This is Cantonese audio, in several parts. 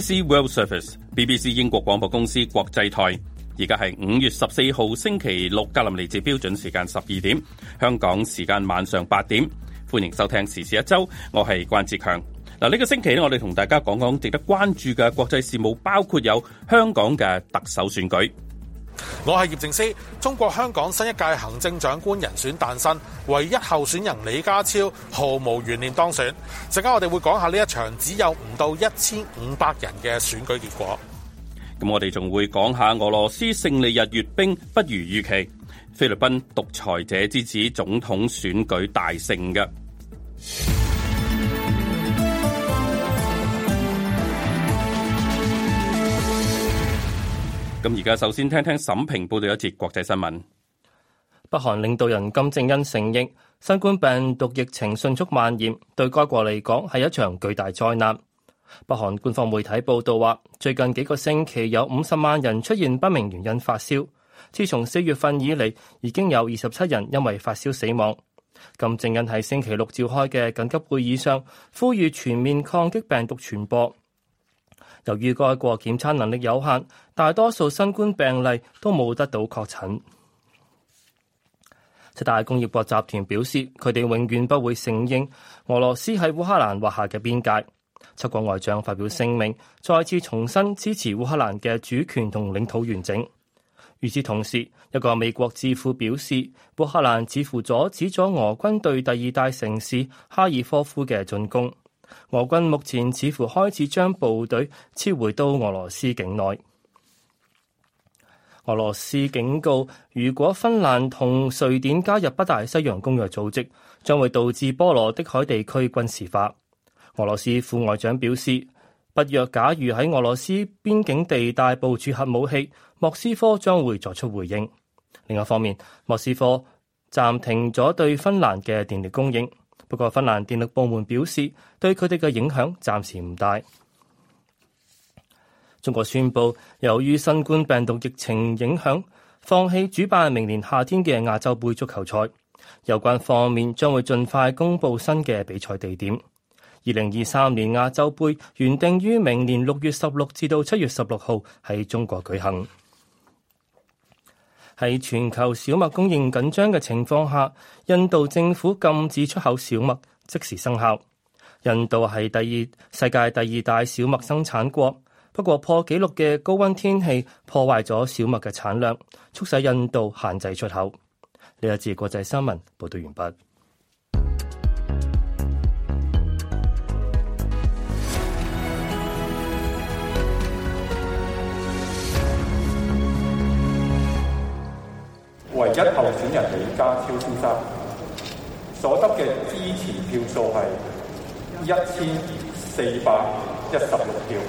BBC World Service，BBC 英國廣播公司國際台，而家係五月十四號星期六，格林尼治標準時間十二點，香港時間晚上八點，歡迎收聽時事一周，我係關志強。嗱，呢個星期咧，我哋同大家講講值得關注嘅國際事務，包括有香港嘅特首選舉。我係葉正思。中國香港新一屆行政長官人選誕生，唯一候選人李家超毫無懸念當選。陣間我哋會講下呢一場只有唔到一千五百人嘅選舉結果。咁我哋仲會講下俄羅斯勝利日閱兵不如預期，菲律賓獨裁者之子總統選舉大勝嘅。咁而家首先聽聽沈平報道一節國際新聞。北韓領導人金正恩承認新冠病毒疫情迅速蔓延，對該國嚟講係一場巨大災難。北韓官方媒體報道話，最近幾個星期有五十萬人出現不明原因發燒，自從四月份以嚟，已經有二十七人因為發燒死亡。金正恩喺星期六召開嘅緊急會議上，呼籲全面抗擊病毒傳播。由於該國檢測能力有限，大多數新冠病例都冇得到確診。七大工業國集團表示，佢哋永遠不會承認俄羅斯喺烏克蘭劃下嘅邊界。七國外長發表聲明，再次重申支持烏克蘭嘅主權同領土完整。與此同時，一個美國智庫表示，烏克蘭似乎阻止咗俄軍對第二大城市哈爾科夫嘅進攻。俄軍目前似乎開始將部隊撤回到俄羅斯境內。俄羅斯警告，如果芬蘭同瑞典加入北大西洋公約組織，將會導致波羅的海地區軍事化。俄羅斯副外長表示，北約假如喺俄羅斯邊境地帶部署核武器，莫斯科將會作出回應。另一方面，莫斯科暫停咗對芬蘭嘅電力供應。不過，芬蘭電力部門表示，對佢哋嘅影響暫時唔大。中國宣布，由於新冠病毒疫情影響，放棄主辦明年夏天嘅亞洲杯足球賽。有關方面將會盡快公布新嘅比賽地點。二零二三年亞洲杯原定於明年六月十六至到七月十六號喺中國舉行。喺全球小麥供應緊張嘅情況下，印度政府禁止出口小麥，即時生效。印度係第二，世界第二大小麥生產國，不過破紀錄嘅高溫天氣破壞咗小麥嘅產量，促使印度限制出口。呢一節國際新聞報道完畢。唯一候選人李家超先生所得嘅支持票數係一千四百一十六票。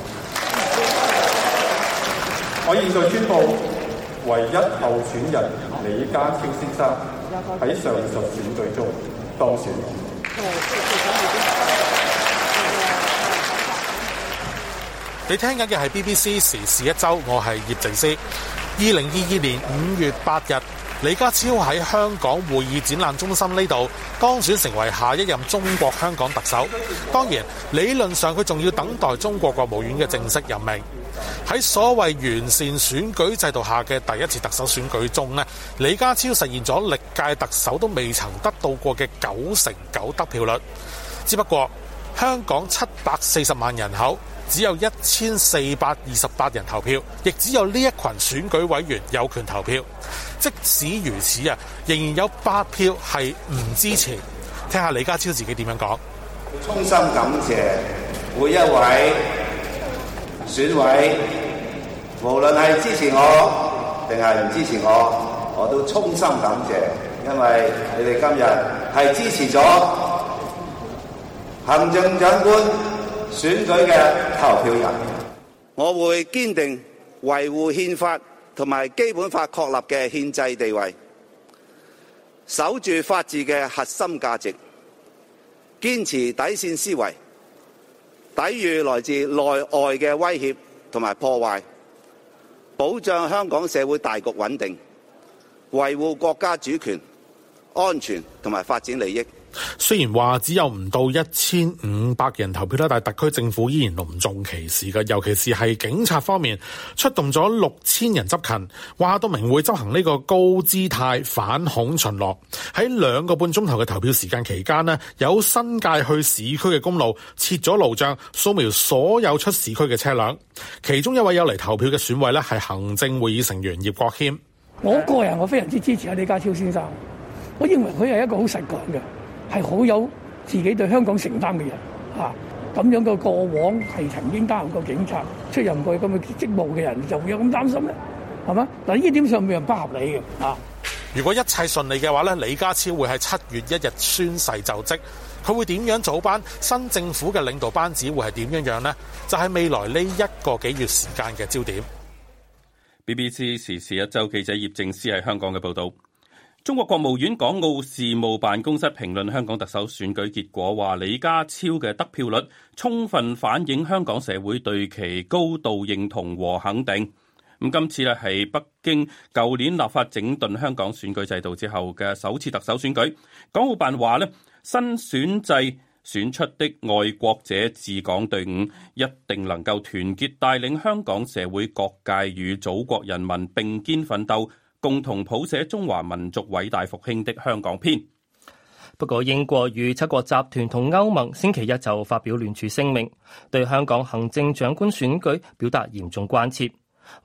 我現在宣布，唯一候選人李家超先生喺上述選舉中當選。你聽緊嘅係 BBC 時事一周，我係葉靜思。二零二二年五月八日。李家超喺香港會議展覽中心呢度當選成為下一任中國香港特首。當然，理論上佢仲要等待中國國務院嘅正式任命。喺所謂完善選舉制度下嘅第一次特首選舉中呢，李家超實現咗歷屆特首都未曾得到過嘅九成九得票率。只不過，香港七百四十萬人口，只有一千四百二十八人投票，亦只有呢一群選舉委員有權投票。即使如此啊，仍然有八票係唔支持。聽下李家超自己點樣講：衷心感謝每一位選委，無論係支持我定係唔支持我，我都衷心感謝，因為你哋今日係支持咗行政長官。選舉嘅投票人，我會堅定維護憲法同埋基本法確立嘅憲制地位，守住法治嘅核心價值，堅持底線思維，抵禦來自內外嘅威脅同埋破壞，保障香港社會大局穩定，維護國家主權、安全同埋發展利益。雖然話只有唔到一千五百人投票啦，但特區政府依然隆重其事嘅，尤其是係警察方面出動咗六千人執勤，話到明會執行呢個高姿態反恐巡邏。喺兩個半鐘頭嘅投票時間期間呢，有新界去市區嘅公路設咗路障，掃描所有出市區嘅車輛。其中一位有嚟投票嘅選委咧，係行政會議成員葉國謙。我個人我非常之支持阿李家超先生，我認為佢係一個好實幹嘅。係好有自己對香港承擔嘅人啊！咁樣嘅過往係曾經擔任過警察、出任過咁嘅職務嘅人，就會有咁擔心咧，係嘛？但呢啲點上咪係不合理嘅啊！如果一切順利嘅話咧，李家超會喺七月一日宣誓就職，佢會點樣組班？新政府嘅領導班子會係點樣樣呢？就係、是、未來呢一個幾月時間嘅焦點。BBC 時事一周記者葉正思喺香港嘅報導。中國國務院港澳事務辦公室評論香港特首選舉結果，話李家超嘅得票率充分反映香港社會對其高度認同和肯定。今次咧係北京舊年立法整頓香港選舉制度之後嘅首次特首選舉。港澳辦話咧，新選制選出的愛國者治港隊伍一定能夠團結帶領香港社會各界與祖國人民並肩奮鬥。共同譜寫中華民族偉大復興的香港篇。不過，英國與七國集團同歐盟星期一就發表聯署聲明，對香港行政長官選舉表達嚴重關切，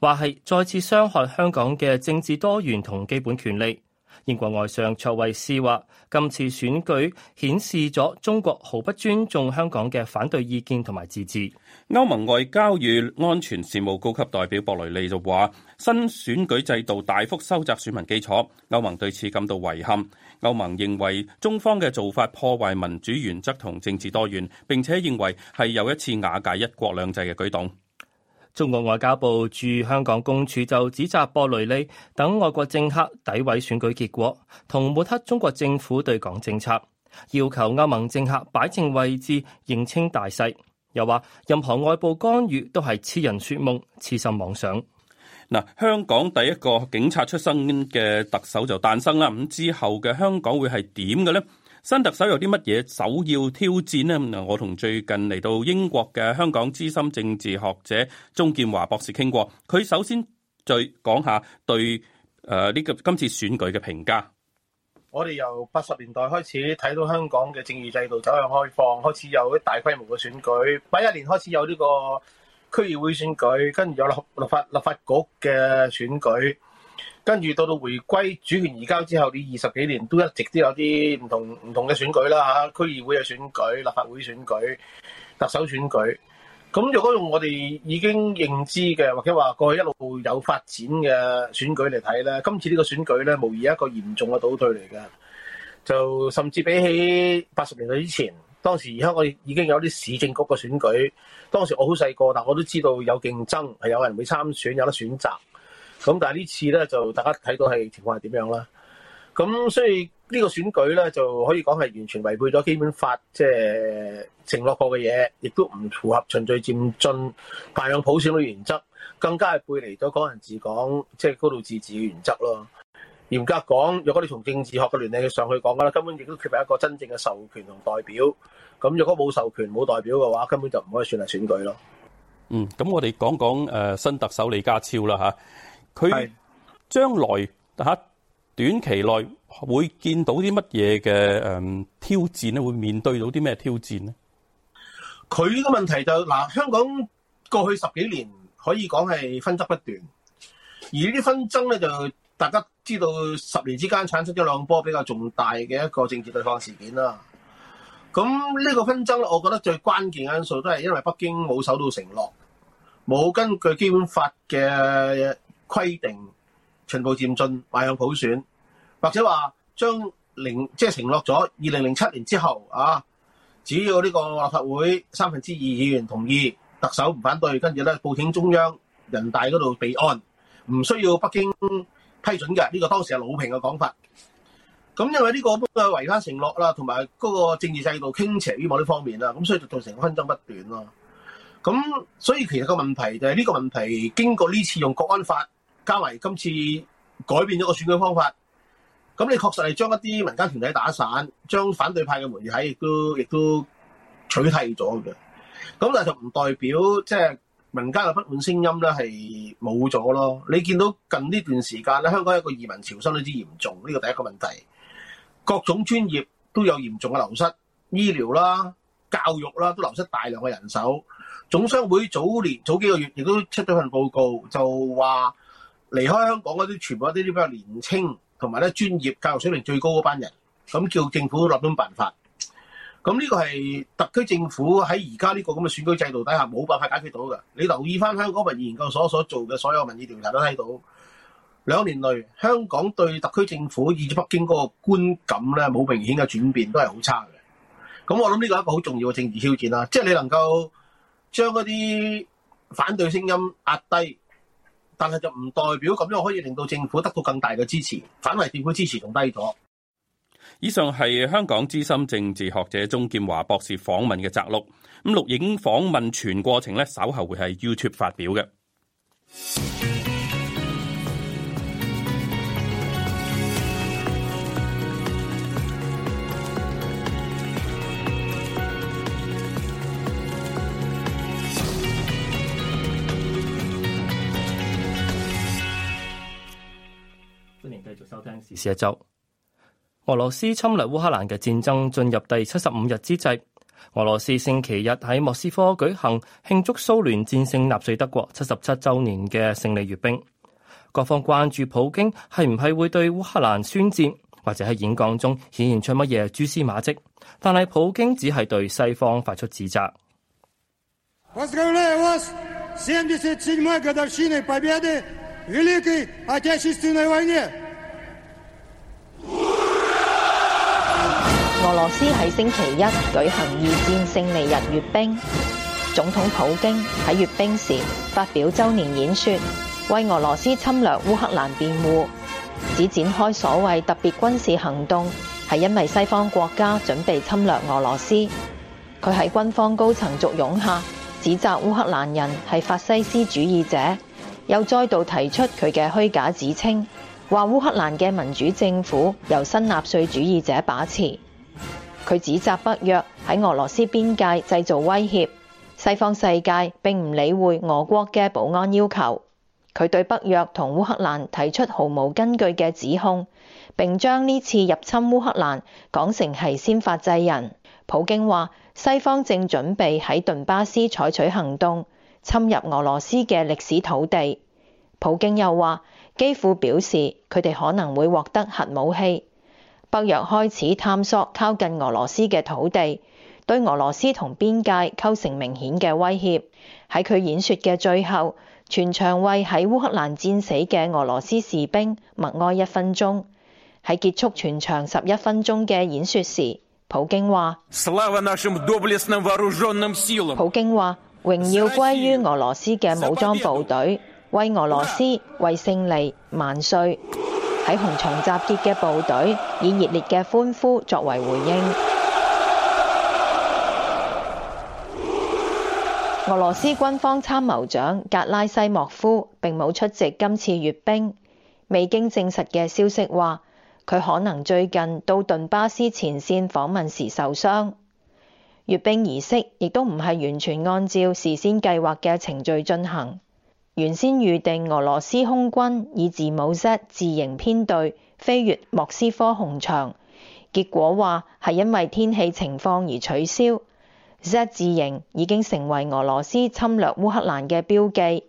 話係再次傷害香港嘅政治多元同基本權利。英國外相卓慧思話，今次選舉顯示咗中國毫不尊重香港嘅反對意見同埋自治。歐盟外交與安全事務高級代表博雷利就話：新選舉制度大幅收窄選民基礎，歐盟對此感到遺憾。歐盟認為中方嘅做法破壞民主原則同政治多元，並且認為係又一次瓦解一國兩制嘅舉動。中國外交部駐香港公署就指責博雷利等外國政客詆毀選舉結果，同抹黑中國政府對港政策，要求歐盟政客擺正位置，認清大勢。又話任何外部干預都係痴人說夢，痴心妄想。嗱，香港第一個警察出身嘅特首就誕生啦。咁之後嘅香港會係點嘅咧？新特首有啲乜嘢首要挑戰呢？嗱，我同最近嚟到英國嘅香港資深政治學者鍾建華博士傾過，佢首先再講下對誒呢個今次選舉嘅評價。我哋由八十年代開始睇到香港嘅政治制度走向開放，開始有啲大規模嘅選舉，八一年開始有呢個區議會選舉，跟住有立立法立法局嘅選舉，跟住到到回歸主權移交之後，呢二十幾年都一直都有啲唔同唔同嘅選舉啦嚇，區議會嘅選舉、立法會選舉、特首選舉。咁如果用我哋已經認知嘅，或者話過去一路有發展嘅選舉嚟睇咧，今次呢個選舉咧，無疑係一個嚴重嘅倒退嚟嘅。就甚至比起八十年代之前，當時而家我哋已經有啲市政局嘅選舉，當時我好細個，但我都知道有競爭係有人會參選，有得選擇。咁但係呢次咧，就大家睇到係情況係點樣啦。咁所以。呢個選舉咧，就可以講係完全違背咗基本法，即係承諾過嘅嘢，亦都唔符合循序漸進、大量普選嘅原則，更加係背離咗港人治港，即係高度自治嘅原則咯。嚴格講，若果你從政治學嘅原理上去講嘅啦，根本亦都缺乏一個真正嘅授權同代表。咁若果冇授權冇代表嘅話，根本就唔可以算係選舉咯。嗯，咁我哋講講誒新特首李家超啦嚇，佢將來嚇。啊短期內會見到啲乜嘢嘅誒挑戰咧？會面對到啲咩挑戰咧？佢個問題就嗱、是，香港過去十幾年可以講係紛爭不斷，而呢啲紛爭咧就大家知道，十年之間產生咗兩波比較重大嘅一個政治對抗事件啦。咁呢個紛爭咧，我覺得最關鍵嘅因素都係因為北京冇守到承諾，冇根據基本法嘅規定。全部循序漸進，邁向普選，或者話將零即係、就是、承諾咗二零零七年之後啊，只要呢個立法會三分之二議員同意，特首唔反對，跟住咧報請中央人大嗰度備案，唔需要北京批准嘅。呢、這個當時係魯平嘅講法。咁因為呢個嘅違反承諾啦，同埋嗰個政治制度傾斜於某啲方面啦，咁所以就造成紛爭不斷咯。咁所以其實個問題就係呢個問題，經過呢次用國安法。加埋今次改變咗個選舉方法，咁你確實係將一啲民間團體打散，將反對派嘅媒體亦都亦都取締咗嘅。咁但係就唔代表即係、就是、民間嘅不滿聲音咧係冇咗咯。你見到近呢段時間咧，香港一個移民潮升得之嚴重，呢個第一個問題，各種專業都有嚴重嘅流失，醫療啦、教育啦都流失大量嘅人手。總商會早年早幾個月亦都出咗份報告就，就話。離開香港嗰啲，全部一啲啲比較年青，同埋咧專業教育水平最高嗰班人，咁叫政府立咗辦法。咁呢個係特區政府喺而家呢個咁嘅選舉制度底下冇辦法解決到嘅。你留意翻，香港民意研究所所做嘅所有民意調查都睇到，兩年內香港對特區政府以至北京嗰個觀感咧，冇明顯嘅轉變，都係好差嘅。咁我諗呢個係一個好重要嘅政治挑戰啦，即係你能夠將嗰啲反對聲音壓低。但係就唔代表咁樣可以令到政府得到更大嘅支持，反為政府支持仲低咗。以上係香港資深政治學者鍾建華博士訪問嘅摘錄，咁錄影訪問全過程咧，稍後會喺 YouTube 發表嘅。時，時一周。俄羅斯侵略烏克蘭嘅戰爭進入第七十五日之際，俄羅斯星期日喺莫斯科舉行慶祝蘇聯戰勝納粹德國七十七周年嘅勝利閱兵。各方關注普京係唔係會對烏克蘭宣戰，或者喺演講中顯現出乜嘢蛛絲馬跡，但係普京只係對西方發出指責。俄羅斯喺星期一舉行二戰勝利日閱兵，總統普京喺閱兵時發表周年演說，為俄羅斯侵略烏克蘭辯護，指展開所謂特別軍事行動，係因為西方國家準備侵略俄羅斯。佢喺軍方高層簇擁下，指責烏克蘭人係法西斯主義者，又再度提出佢嘅虛假指稱，話烏克蘭嘅民主政府由新納粹主義者把持。佢指責北約喺俄羅斯邊界製造威脅，西方世界並唔理會俄國嘅保安要求。佢對北約同烏克蘭提出毫無根據嘅指控，並將呢次入侵烏克蘭講成係先發制人。普京話：西方正準備喺頓巴斯採取行動，侵入俄羅斯嘅歷史土地。普京又話：基輔表示佢哋可能會獲得核武器。北約開始探索靠近俄羅斯嘅土地，對俄羅斯同邊界構成明顯嘅威脅。喺佢演說嘅最後，全場為喺烏克蘭戰死嘅俄羅斯士兵默哀一分鐘。喺結束全場十一分鐘嘅演說時，普京話： 普京話榮耀歸於俄羅斯嘅武裝部隊，為俄羅斯，為勝利萬歲。喺紅場集結嘅部隊以熱烈嘅歡呼作為回應。俄羅斯軍方參謀長格拉西莫夫並冇出席今次閱兵。未經證實嘅消息話，佢可能最近到頓巴斯前線訪問時受傷。閱兵儀式亦都唔係完全按照事先計劃嘅程序進行。原先預定俄羅斯空軍以字母 Z 字型編隊飛越莫斯科紅場，結果話係因為天氣情況而取消。Z 字型已經成為俄羅斯侵略烏克蘭嘅標記。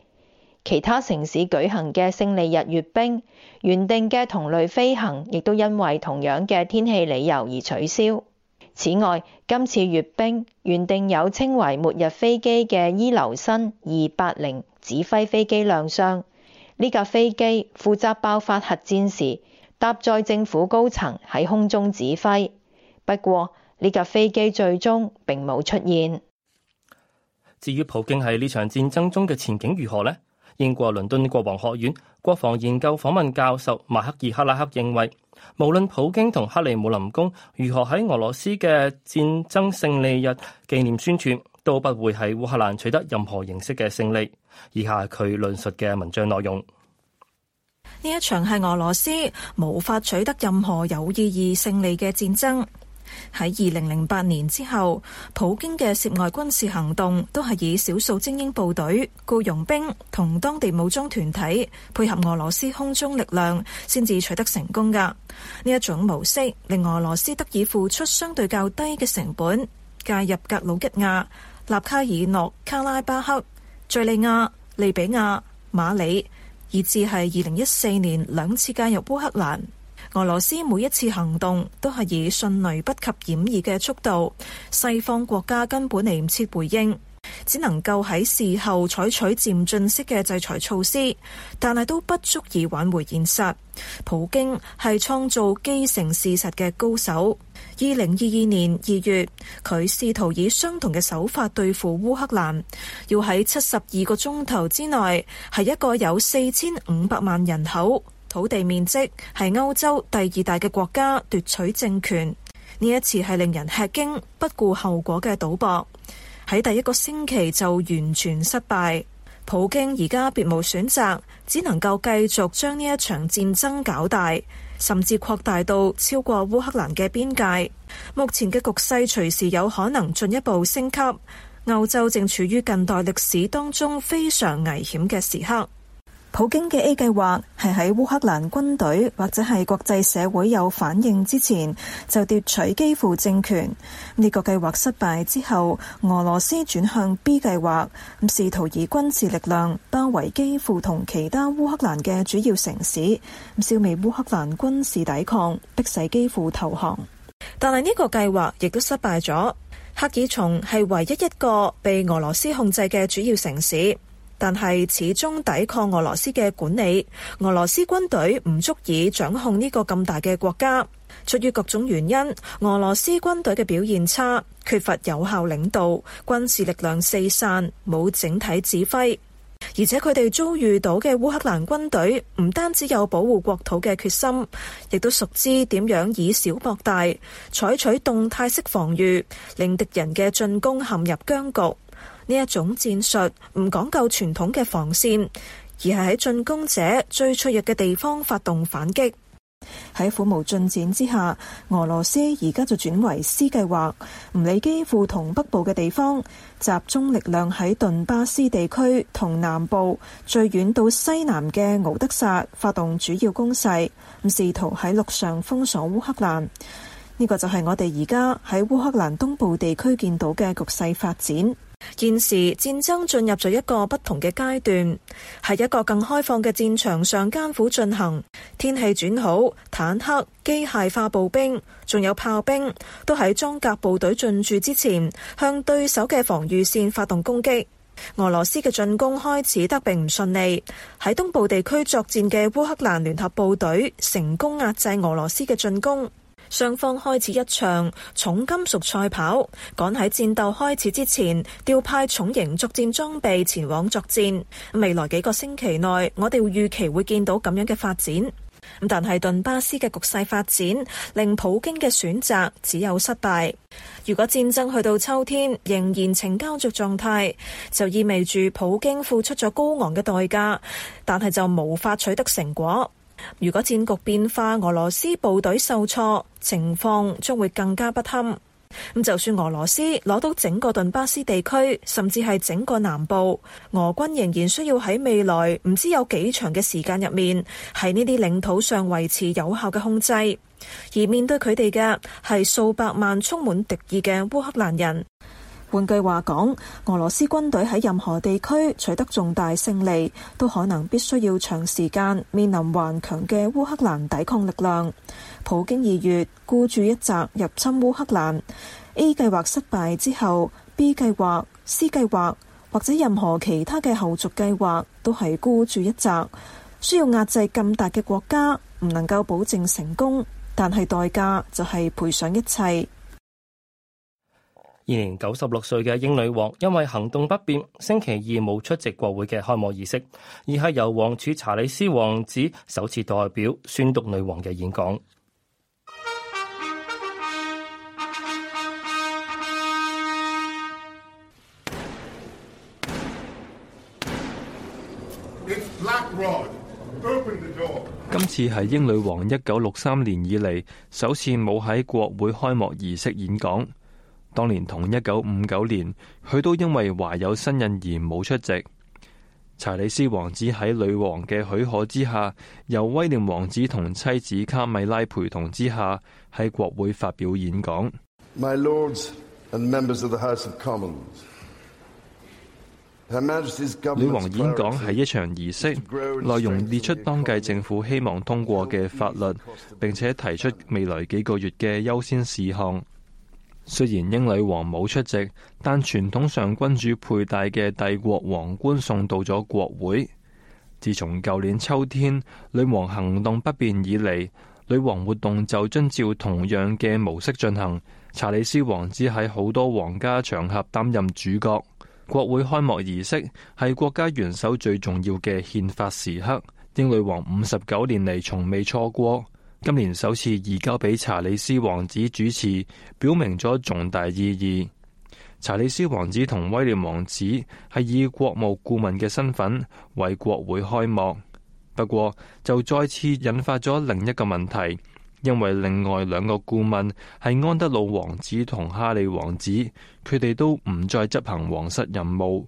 其他城市舉行嘅勝利日閱兵，原定嘅同類飛行亦都因為同樣嘅天氣理由而取消。此外，今次閱兵原定有稱為末日飛機嘅伊留申二八零。指揮飛機亮相，呢架飛機負責爆發核戰時搭載政府高層喺空中指揮。不過呢架飛機最終並冇出現。至於普京喺呢場戰爭中嘅前景如何呢？英國倫敦國王學院國防研究訪問教授邁克爾克拉克認為，無論普京同克里姆林宮如何喺俄羅斯嘅戰爭勝利日紀念宣傳，都不會喺烏克蘭取得任何形式嘅勝利。以下佢論述嘅文章內容，呢一場係俄羅斯無法取得任何有意義勝利嘅戰爭。喺二零零八年之後，普京嘅涉外軍事行動都係以少數精英部隊僱傭兵、同當地武裝團體配合俄羅斯空中力量，先至取得成功噶。呢一種模式令俄羅斯得以付出相對較低嘅成本介入格魯吉亞、納卡爾諾、卡拉巴赫。敘利亞、利比亞、馬里，以至係二零一四年兩次介入烏克蘭，俄羅斯每一次行動都係以迅雷不及掩耳嘅速度，西方國家根本嚟唔切回應，只能夠喺事後採取漸進式嘅制裁措施，但係都不足以挽回現實。普京係創造既成事實嘅高手。二零二二年二月，佢試圖以相同嘅手法對付烏克蘭，要喺七十二個鐘頭之內，係一個有四千五百萬人口、土地面積係歐洲第二大嘅國家奪取政權。呢一次係令人吃驚、不顧後果嘅賭博。喺第一個星期就完全失敗。普京而家別無選擇，只能夠繼續將呢一場戰爭搞大。甚至擴大到超過烏克蘭嘅邊界，目前嘅局勢隨時有可能進一步升級，歐洲正處於近代歷史當中非常危險嘅時刻。普京嘅 A 計劃係喺烏克蘭軍隊或者係國際社會有反應之前就奪取基輔政權。呢個計劃失敗之後，俄羅斯轉向 B 計劃，試圖以軍事力量包圍基輔同其他烏克蘭嘅主要城市，消滅烏克蘭軍事抵抗，迫使基輔投降。但係呢個計劃亦都失敗咗。赫爾松係唯一一個被俄羅斯控制嘅主要城市。但係始終抵抗俄羅斯嘅管理，俄羅斯軍隊唔足以掌控呢個咁大嘅國家。出於各種原因，俄羅斯軍隊嘅表現差，缺乏有效領導，軍事力量四散，冇整體指揮。而且佢哋遭遇到嘅烏克蘭軍隊，唔單止有保護國土嘅決心，亦都熟知點樣以小博大，採取動態式防御，令敵人嘅進攻陷入僵局。呢一種戰術唔講究傳統嘅防線，而係喺進攻者最脆弱嘅地方發動反擊。喺苦無進展之下，俄羅斯而家就轉為 C 計劃，唔理基輔同北部嘅地方，集中力量喺頓巴斯地區同南部最遠到西南嘅敖德薩發動主要攻勢，咁試圖喺陸上封鎖烏克蘭。呢、這個就係我哋而家喺烏克蘭東部地區見到嘅局勢發展。現時戰爭進入咗一個不同嘅階段，喺一個更開放嘅戰場上艱苦進行。天氣轉好，坦克、機械化步兵仲有炮兵都喺裝甲部隊進駐之前，向對手嘅防禦線發動攻擊。俄羅斯嘅進攻開始得並唔順利，喺東部地區作戰嘅烏克蘭聯合部隊成功壓制俄羅斯嘅進攻。雙方開始一場重金屬賽跑，趕喺戰鬥開始之前調派重型作戰裝備前往作戰。未來幾個星期內，我哋預期會見到咁樣嘅發展。但係頓巴斯嘅局勢發展令普京嘅選擇只有失敗。如果戰爭去到秋天仍然呈膠着狀態，就意味住普京付出咗高昂嘅代價，但係就無法取得成果。如果戰局變化，俄羅斯部隊受挫，情況將會更加不堪。咁就算俄羅斯攞到整個頓巴斯地區，甚至係整個南部，俄軍仍然需要喺未來唔知有幾長嘅時間入面，喺呢啲領土上維持有效嘅控制。而面對佢哋嘅，係數百萬充滿敵意嘅烏克蘭人。換句話講，俄羅斯軍隊喺任何地區取得重大勝利，都可能必須要長時間面臨頑強嘅烏克蘭抵抗力量。普京二月孤注一擲入侵烏克蘭，A 計劃失敗之後，B 計劃、C 計劃或者任何其他嘅後續計劃都係孤注一擲，需要壓制咁大嘅國家，唔能夠保證成功，但係代價就係賠上一切。現年九十六歲嘅英女王因為行動不便，星期二冇出席國會嘅開幕儀式，而係由王儲查理斯王子首次代表宣讀女王嘅演講。今次係英女王一九六三年以嚟首次冇喺國會開幕儀式演講。當年同一九五九年，佢都因為懷有身孕而冇出席。查理斯王子喺女王嘅許可之下，由威廉王子同妻子卡米拉陪同之下，喺國會發表演講。女王演講係一場儀式，內容列出當屆政府希望通過嘅法律，並且提出未來幾個月嘅優先事項。雖然英女王冇出席，但傳統上君主佩戴嘅帝國皇冠送到咗國會。自從舊年秋天女王行動不便以嚟，女王活動就遵照同樣嘅模式進行。查理斯王子喺好多皇家場合擔任主角。國會開幕儀式係國家元首最重要嘅憲法時刻，英女王五十九年嚟從未錯過。今年首次移交俾查理斯王子主持，表明咗重大意義。查理斯王子同威廉王子係以國務顧問嘅身份為國會開幕，不過就再次引發咗另一個問題，因為另外兩個顧問係安德魯王子同哈利王子，佢哋都唔再執行皇室任務。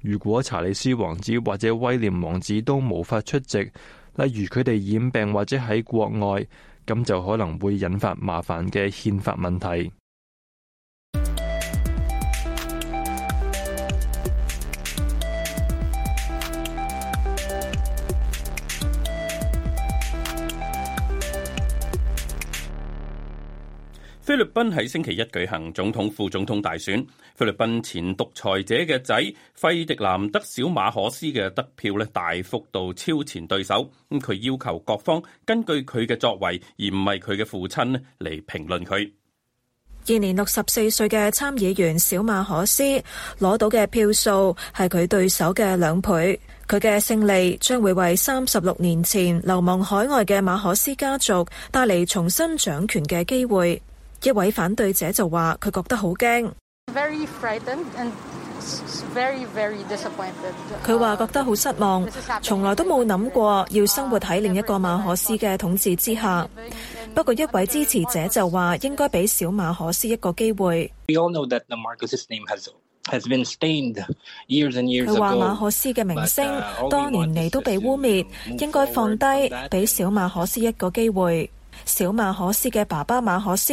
如果查理斯王子或者威廉王子都無法出席，例如，佢哋染病或者喺國外，咁就可能會引發麻煩嘅憲法問題。菲律賓喺星期一舉行總統、副總統大選。菲律賓前獨裁者嘅仔費迪南德小馬可斯嘅得票咧，大幅度超前對手。咁佢要求各方根據佢嘅作為，而唔係佢嘅父親嚟評論佢。現年六十四歲嘅參議員小馬可斯攞到嘅票數係佢對手嘅兩倍，佢嘅勝利將會為三十六年前流亡海外嘅馬可斯家族帶嚟重新掌權嘅機會。一位反對者就話佢覺得好驚。佢話覺得好失望，從來都冇諗過要生活喺另一個馬可思嘅統治之下。不過一位支持者就話，應該俾小馬可思一個機會。佢話馬可思嘅名聲多年嚟都被污衊，應該放低，俾小馬可思一個機會。小馬可斯嘅爸爸馬可斯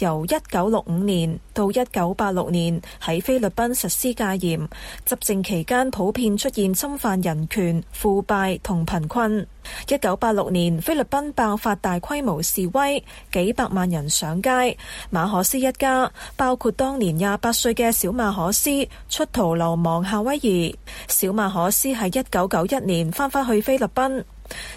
由一九六五年到一九八六年喺菲律賓實施戒嚴，執政期間普遍出現侵犯人權、腐敗同貧困。一九八六年菲律賓爆發大規模示威，幾百萬人上街。馬可斯一家包括當年廿八歲嘅小馬可斯出逃流亡夏威夷。小馬可斯喺一九九一年返返去菲律賓。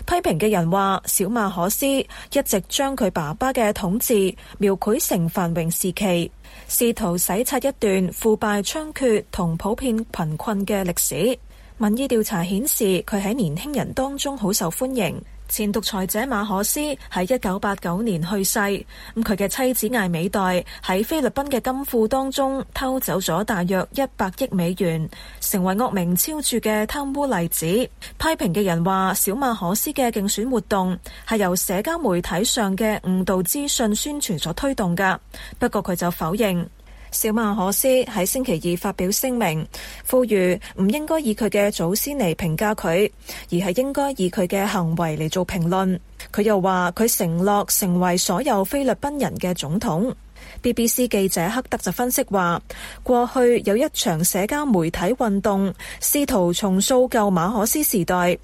批評嘅人話，小馬可斯一直將佢爸爸嘅統治描繪成繁榮時期，試圖洗刷一段腐敗猖獗同普遍貧困嘅歷史。民意調查顯示，佢喺年輕人當中好受歡迎。前獨裁者馬可斯喺一九八九年去世，咁佢嘅妻子艾美黛喺菲律賓嘅金庫當中偷走咗大約一百億美元，成為惡名昭著嘅貪污例子。批評嘅人話，小馬可斯嘅競選活動係由社交媒體上嘅誤導資訊宣傳所推動噶，不過佢就否認。小馬可斯喺星期二發表聲明，呼籲唔應該以佢嘅祖先嚟評價佢，而係應該以佢嘅行為嚟做評論。佢又話：佢承諾成為所有菲律賓人嘅總統。BBC 記者克德就分析話，過去有一場社交媒體運動試圖重塑舊馬可斯時代，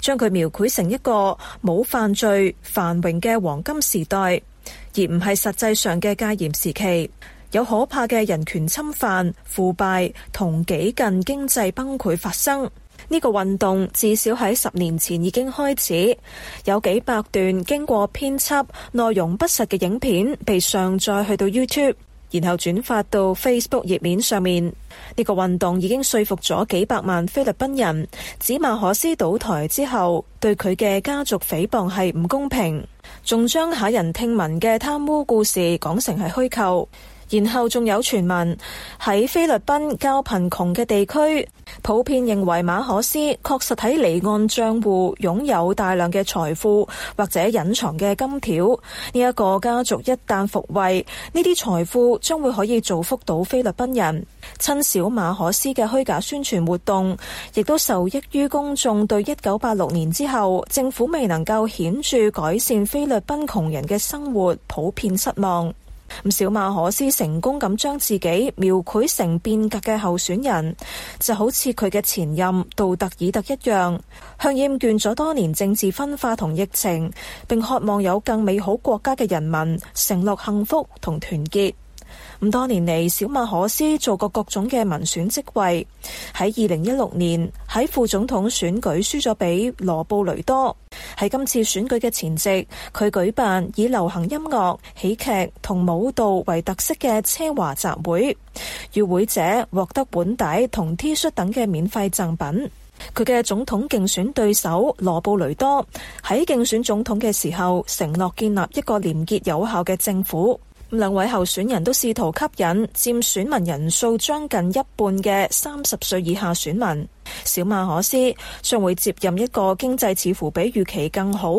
將佢描繪成一個冇犯罪、繁榮嘅黃金時代，而唔係實際上嘅戒嚴時期。有可怕嘅人權侵犯、腐敗同幾近經濟崩潰發生。呢個運動至少喺十年前已經開始，有幾百段經過編輯、內容不實嘅影片被上載去到 YouTube，然後轉發到 Facebook 頁面上面。呢個運動已經說服咗幾百萬菲律賓人指馬可斯倒台之後，對佢嘅家族誹謗係唔公平，仲將下人聽聞嘅貪污故事講成係虛構。然後仲有傳聞喺菲律賓較貧窮嘅地區，普遍認為馬可斯確實喺離岸賬戶擁有大量嘅財富或者隱藏嘅金條。呢一個家族一旦復位，呢啲財富將會可以造福到菲律賓人。親小馬可斯嘅虛假宣傳活動，亦都受益於公眾對一九八六年之後政府未能夠顯著改善菲律賓窮人嘅生活，普遍失望。咁小馬可斯成功咁將自己描繪成變革嘅候選人，就好似佢嘅前任杜特爾特一樣，向厭倦咗多年政治分化同疫情，並渴望有更美好國家嘅人民，承諾幸福同團結。咁多年嚟，小馬可斯做過各種嘅民選職位。喺二零一六年，喺副總統選舉輸咗俾羅布雷多。喺今次選舉嘅前夕，佢舉辦以流行音樂、喜劇同舞蹈為特色嘅奢華集會，與會者獲得腕帶同 T 恤等嘅免費贈品。佢嘅總統競選對手羅布雷多喺競選總統嘅時候，承諾建立一個廉潔有效嘅政府。兩位候選人都試圖吸引佔選民人數將近一半嘅三十歲以下選民。小馬可斯將會接任一個經濟似乎比預期更好、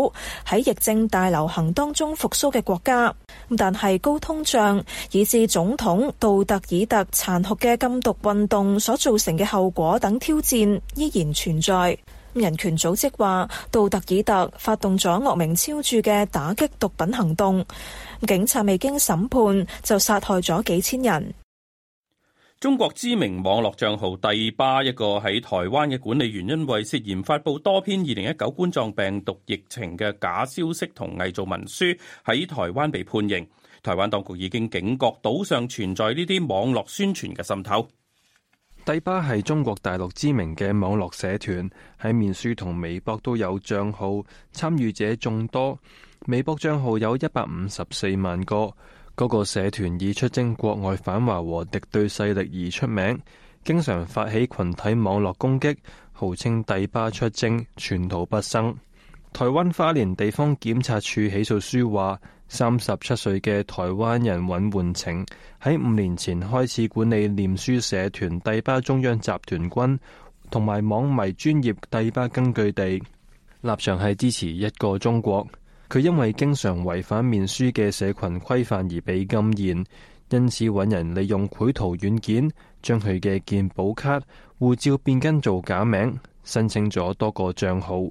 喺疫症大流行當中復甦嘅國家。但係高通脹以至總統杜特爾特殘酷嘅禁毒運動所造成嘅後果等挑戰依然存在。人權組織話，杜特爾特發動咗惡名昭著嘅打擊毒品行動。警察未經審判就殺害咗幾千人。中國知名網絡賬號“帝巴”一個喺台灣嘅管理員，因為涉嫌發布多篇二零一九冠狀病毒疫情嘅假消息同偽造文書，喺台灣被判刑。台灣當局已經警覺島上存在呢啲網絡宣傳嘅滲透。帝巴係中國大陸知名嘅網絡社團，喺面書同微博都有賬號，參與者眾多。微博賬號有一百五十四萬個，嗰、那個社團以出征國外反華和敵對勢力而出名，經常發起群體網絡攻擊，號稱帝吧出征，寸草不生。台灣花蓮地方檢察署起訴書話，三十七歲嘅台灣人尹煥請喺五年前開始管理臉書社團帝吧中央集團軍，同埋網迷專業帝吧根據地，立場係支持一個中國。佢因為經常違反面書嘅社群規範而被禁言，因此搵人利用繪圖軟件將佢嘅健保卡、護照變更做假名，申請咗多個賬號。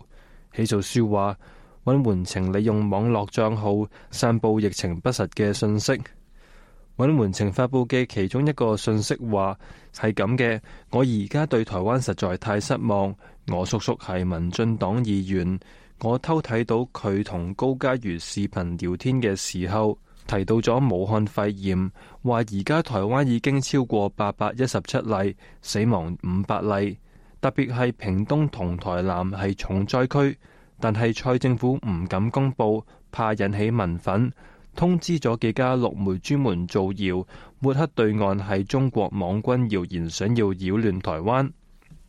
起訴書話，尹煥程利用網絡賬號散布疫情不實嘅信息。尹煥程發佈嘅其中一個信息話係咁嘅：我而家對台灣實在太失望，我叔叔係民進黨議員。我偷睇到佢同高嘉瑜視頻聊天嘅時候，提到咗武漢肺炎，話而家台灣已經超過八百一十七例，死亡五百例。特別係屏東同台南係重災區，但係蔡政府唔敢公布，怕引起民憤。通知咗幾家綠媒專門造謠，抹黑對岸係中國網軍謠言，想要擾亂台灣。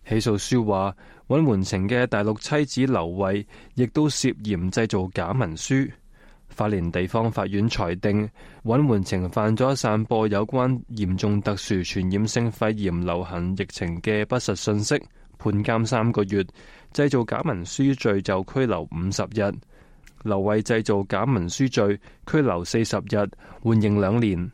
起訴書話。尹煥晴嘅大陸妻子劉慧亦都涉嫌製造假文書，花蓮地方法院裁定尹煥晴犯咗散播有關嚴重特殊傳染性肺炎流行疫情嘅不實信息，判監三個月；製造假文書罪就拘留五十日。劉慧製造假文書罪，拘留四十日，緩刑兩年。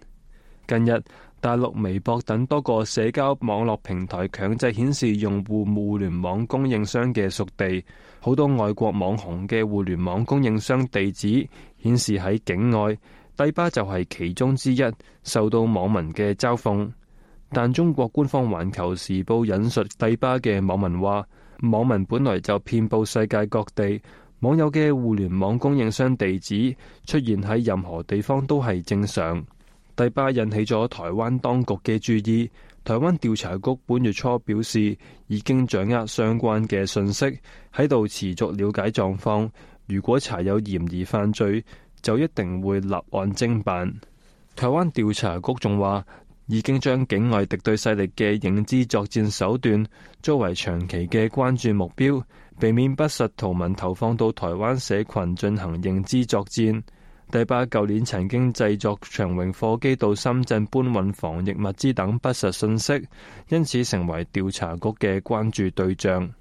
近日。大陸微博等多個社交網絡平台強制顯示用戶互聯網供應商嘅屬地，好多外國網紅嘅互聯網供應商地址顯示喺境外，帝吧就係其中之一，受到網民嘅嘲諷。但中國官方《環球時報》引述帝吧嘅網民話，網民本來就遍布世界各地，網友嘅互聯網供應商地址出現喺任何地方都係正常。第八引起咗台灣當局嘅注意。台灣調查局本月初表示，已經掌握相關嘅信息，喺度持續了解狀況，如果查有嫌疑犯罪，就一定會立案偵辦。台灣調查局仲話已經將境外敵對勢力嘅認知作戰手段作為長期嘅關注目標，避免不實圖文投放到台灣社群進行認知作戰。第八，舊年曾經製作長榮貨機到深圳搬運防疫物資等不實信息，因此成為調查局嘅關注對象。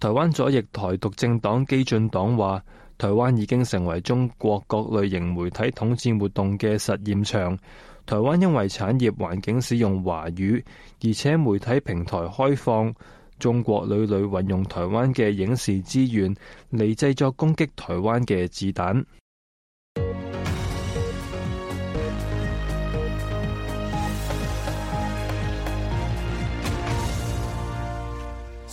台灣左翼台獨政黨基進黨話，台灣已經成為中國各類型媒體統戰活動嘅實驗場。台灣因為產業環境使用華語，而且媒體平台開放，中國屢屢運用台灣嘅影視資源嚟製作攻擊台灣嘅子彈。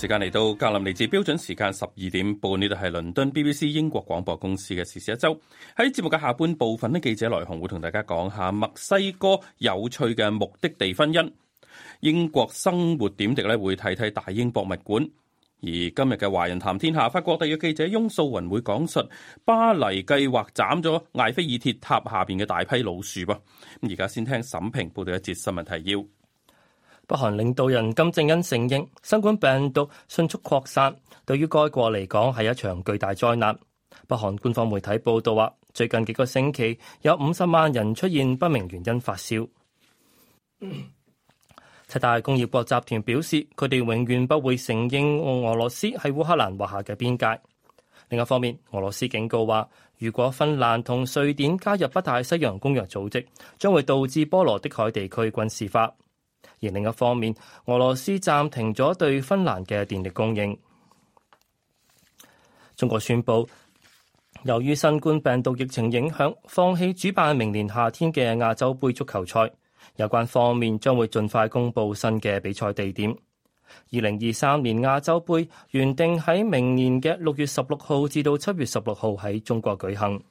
時間嚟到格林尼治標準時間十二點半。呢度係倫敦 BBC 英國廣播公司嘅時事一周。喺節目嘅下半部分呢，記者來鴻會同大家講下墨西哥有趣嘅目的地婚姻。英國生活點滴咧，會睇睇大英博物館。而今日嘅華人談天下，法國特約記者翁素雲會講述巴黎計劃斬咗艾菲爾鐵塔下邊嘅大批老樹噃。咁而家先聽審評報道一節新聞提要。北韓領導人金正恩承認，新冠病毒迅速擴散，對於該國嚟講係一場巨大災難。北韓官方媒體報道話，最近幾個星期有五十萬人出現不明原因發燒。七大工業國集團表示，佢哋永遠不會承認俄羅斯喺烏克蘭劃下嘅邊界。另一方面，俄羅斯警告話，如果芬蘭同瑞典加入北大西洋公約組織，將會導致波羅的海地區軍事化。而另一方面，俄羅斯暫停咗對芬蘭嘅電力供應。中國宣布，由於新冠病毒疫情影響，放棄主辦明年夏天嘅亞洲杯足球賽，有關方面將會盡快公布新嘅比賽地點。二零二三年亞洲杯原定喺明年嘅六月十六號至到七月十六號喺中國舉行。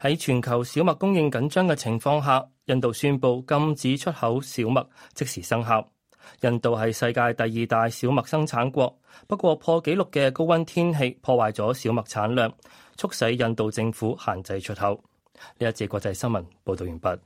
喺全球小麥供應緊張嘅情況下，印度宣布禁止出口小麥，即時生效。印度係世界第二大小麥生產國，不過破紀錄嘅高溫天氣破壞咗小麥產量，促使印度政府限制出口。呢一節國際新聞報道完畢。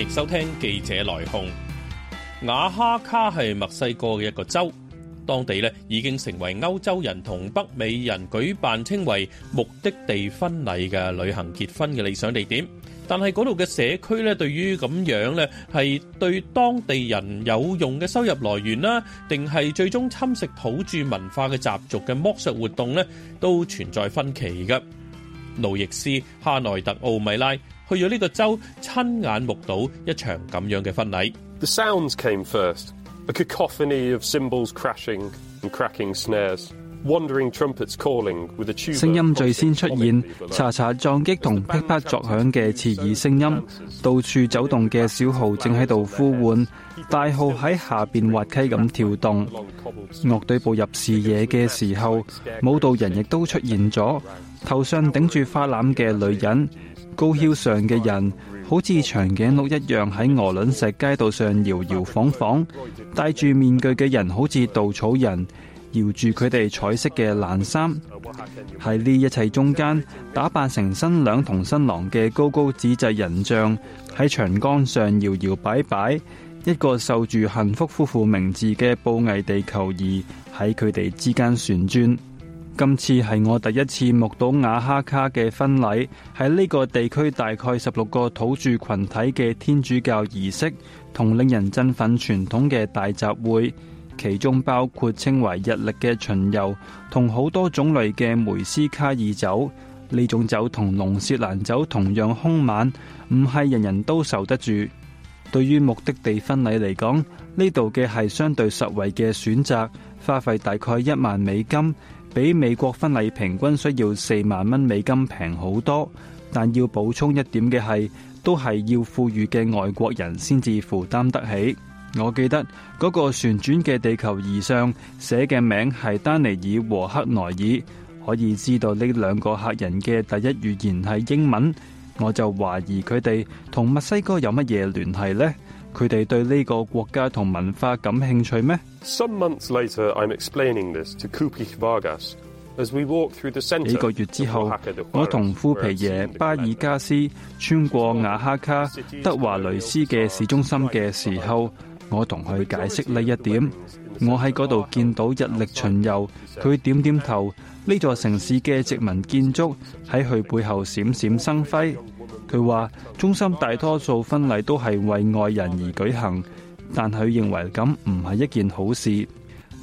亦收聽記者來鴻，雅哈卡係墨西哥嘅一個州，當地咧，已經成為歐洲人同北美人舉辦稱為目的地婚禮嘅旅行結婚嘅理想地點。但係嗰度嘅社區咧，對於咁樣咧係對當地人有用嘅收入來源啦，定係最終侵蝕土著文化嘅習俗嘅剝削活動咧，都存在分歧噶。路易斯·哈內特·奧米拉。去咗呢個州，親眼目睹一場咁樣嘅婚禮。聲音最先出現，查查撞擊同噼啪作響嘅刺耳聲音，到處走動嘅小號正喺度呼喚，大號喺下邊滑稽咁跳動。樂隊步入視野嘅時候，舞蹈人亦都出現咗，頭上頂住花籃嘅女人，高蹺上嘅人好似長頸鹿一樣喺鵝卵石街道上搖搖晃晃，戴住面具嘅人好似稻草人搖住佢哋彩色嘅爛衫。喺呢一切中間，打扮成新娘同新郎嘅高高紙製人像喺長杆上搖搖擺擺，一個受住幸福夫婦名字嘅布藝地球儀喺佢哋之間旋轉。今次係我第一次目睹瓦哈卡嘅婚禮，喺呢個地區大概十六個土著群體嘅天主教儀式同令人振奮傳統嘅大集會，其中包括稱為日曆嘅巡遊，同好多種類嘅梅斯卡爾酒。呢種酒同龍舌蘭酒同樣兇猛，唔係人人都受得住。對於目的地婚禮嚟講，呢度嘅係相對實惠嘅選擇，花費大概一萬美金。比美國婚禮平均需要四萬蚊美金平好多，但要補充一點嘅係，都係要富裕嘅外國人先至負擔得起。我記得嗰、那個旋轉嘅地球儀上寫嘅名係丹尼爾和克萊爾，可以知道呢兩個客人嘅第一語言係英文，我就懷疑佢哋同墨西哥有乜嘢聯繫呢？佢哋對呢個國家同文化感興趣咩？幾個月之後，我同夫皮耶巴爾加斯穿過瓦哈卡德華雷斯嘅市中心嘅時候，我同佢解釋呢一點。我喺嗰度見到日曆巡遊，佢點點頭。呢座城市嘅殖民建築喺佢背後閃閃生輝。佢話中心大多數婚禮都係為外人而舉行，但佢認為咁唔係一件好事。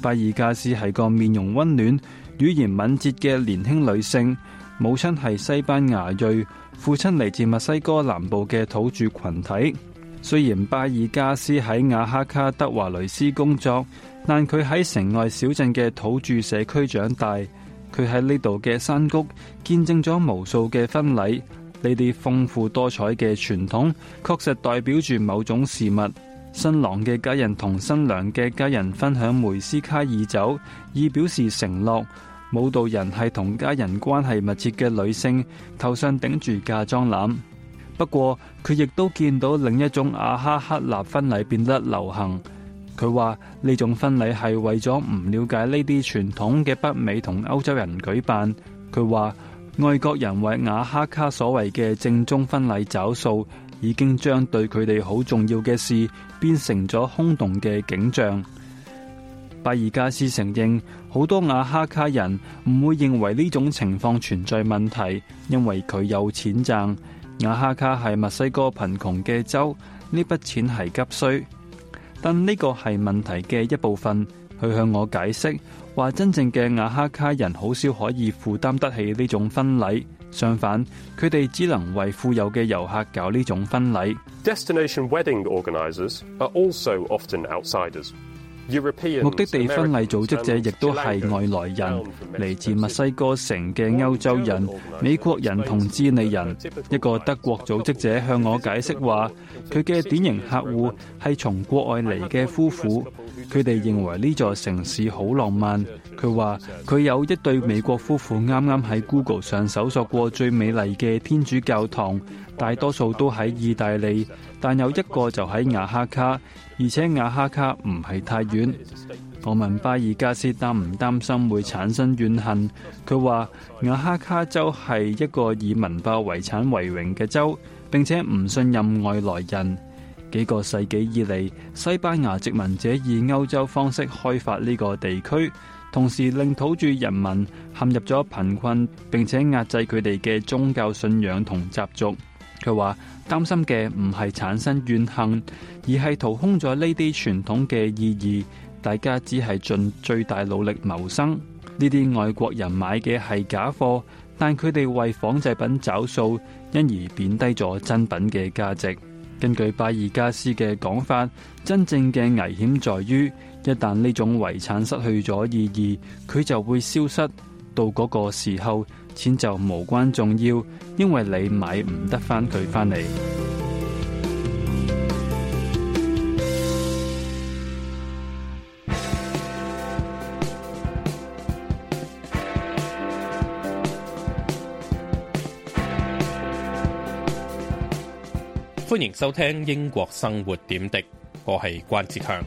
巴爾加斯係個面容溫暖、語言敏捷嘅年輕女性，母親係西班牙裔，父親嚟自墨西哥南部嘅土著群體。雖然巴爾加斯喺亞哈卡德華雷斯工作，但佢喺城外小鎮嘅土著社區長大。佢喺呢度嘅山谷見證咗無數嘅婚禮。呢啲豐富多彩嘅傳統確實代表住某種事物。新郎嘅家人同新娘嘅家人分享梅斯卡爾酒，以表示承諾。舞蹈人係同家人關係密切嘅女性，頭上頂住嫁妝籃。不過，佢亦都見到另一種阿哈克納婚禮變得流行。佢話，呢種婚禮係為咗唔了解呢啲傳統嘅北美同歐洲人舉辦。佢話。外國人為雅哈卡所謂嘅正宗婚禮找數，已經將對佢哋好重要嘅事，變成咗空洞嘅景象。巴爾加斯承認，好多雅哈卡人唔會認為呢種情況存在問題，因為佢有錢賺。雅哈卡係墨西哥貧窮嘅州，呢筆錢係急需，但呢個係問題嘅一部分。佢向我解釋。話真正嘅雅哈卡人好少可以負擔得起呢種婚禮，相反，佢哋只能為富有嘅遊客搞呢種婚禮。目的地婚禮組織者亦都係外來人，嚟自墨西哥城嘅歐洲人、美國人同智利人。一個德國組織者向我解釋話，佢嘅典型客戶係從國外嚟嘅夫婦。佢哋認為呢座城市好浪漫。佢話佢有一對美國夫婦啱啱喺 Google 上搜索過最美麗嘅天主教堂，大多數都喺意大利，但有一個就喺雅哈卡，而且雅哈卡唔係太遠。我問巴爾加斯擔唔擔心會產生怨恨，佢話雅哈卡州係一個以文化遺產為榮嘅州，並且唔信任外來人。幾個世紀以嚟，西班牙殖民者以歐洲方式開發呢個地區，同時令土著人民陷入咗貧困，並且壓制佢哋嘅宗教信仰同習俗。佢話擔心嘅唔係產生怨恨，而係掏空咗呢啲傳統嘅意義。大家只係盡最大努力謀生。呢啲外國人買嘅係假貨，但佢哋為仿製品找數，因而貶低咗真品嘅價值。根據巴爾加斯嘅講法，真正嘅危險在於，一旦呢種遺產失去咗意義，佢就會消失。到嗰個時候，錢就無關重要，因為你買唔得返佢返嚟。歡迎收聽英國生活點滴，我係關志強。